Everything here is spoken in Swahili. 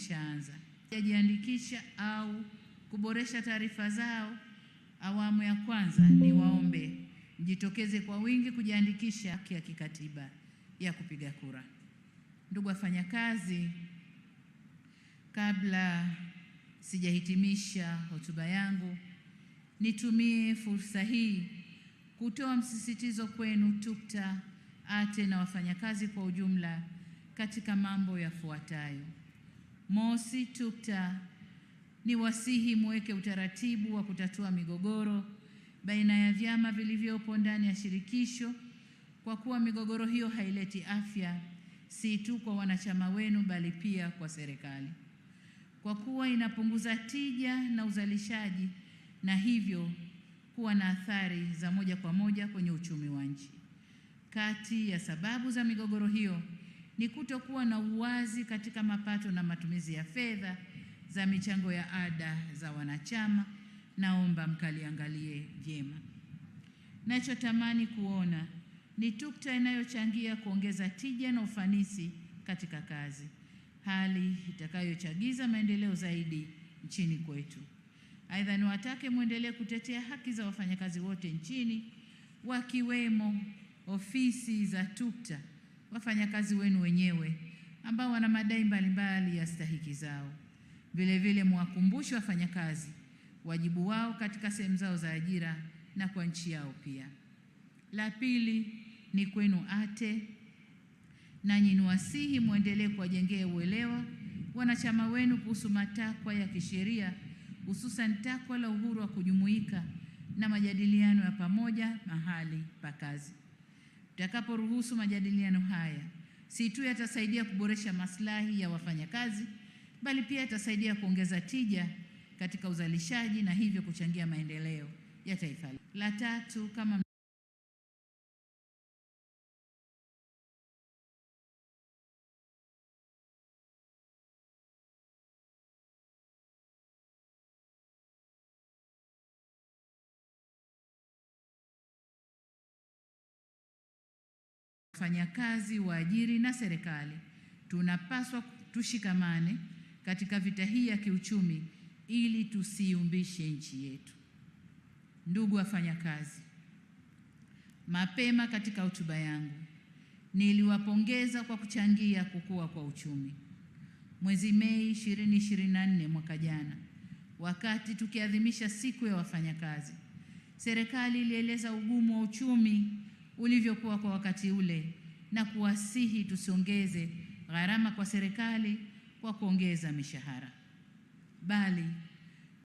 zimeshaanza. Hajajiandikisha au kuboresha taarifa zao awamu ya kwanza, ni waombe mjitokeze kwa wingi kujiandikisha, haki ya kikatiba ya kupiga kura. Ndugu wafanyakazi, kabla sijahitimisha hotuba yangu, nitumie fursa hii kutoa msisitizo kwenu TUCTA, ATE na wafanyakazi kwa ujumla katika mambo yafuatayo. Mosi, tukta ni wasihi muweke utaratibu wa kutatua migogoro baina ya vyama vilivyopo ndani ya shirikisho kwa kuwa migogoro hiyo haileti afya si tu kwa wanachama wenu bali pia kwa serikali, kwa kuwa inapunguza tija na uzalishaji na hivyo kuwa na athari za moja kwa moja kwenye uchumi wa nchi. Kati ya sababu za migogoro hiyo ni kutokuwa na uwazi katika mapato na matumizi ya fedha za michango ya ada za wanachama. Naomba mkaliangalie vyema. Nachotamani kuona ni tukta inayochangia kuongeza tija na ufanisi katika kazi, hali itakayochagiza maendeleo zaidi nchini kwetu. Aidha, niwatake mwendelee kutetea haki za wafanyakazi wote nchini, wakiwemo ofisi za tukta wafanyakazi wenu wenyewe ambao wana madai mbalimbali ya stahiki zao. Vilevile mwakumbushe wafanyakazi wajibu wao katika sehemu zao za ajira na kwa nchi yao pia. La pili ni kwenu ATE, nanyi niwasihi mwendelee kuwajengea uelewa wanachama wenu kuhusu matakwa ya kisheria, hususan takwa la uhuru wa kujumuika na majadiliano ya pamoja mahali pa kazi. Tutakaporuhusu majadiliano haya, si tu yatasaidia kuboresha maslahi ya wafanyakazi, bali pia yatasaidia kuongeza tija katika uzalishaji na hivyo kuchangia maendeleo ya taifa. La tatu kama wafanyakazi, waajiri na serikali, tunapaswa tushikamane katika vita hii ya kiuchumi ili tusiumbishe nchi yetu. Ndugu wafanyakazi, mapema katika hotuba yangu niliwapongeza kwa kuchangia kukua kwa uchumi. Mwezi Mei 2024 mwaka jana, wakati tukiadhimisha siku ya wafanyakazi, serikali ilieleza ugumu wa uchumi ulivyokuwa kwa wakati ule, na kuwasihi tusiongeze gharama kwa serikali kwa kuongeza mishahara, bali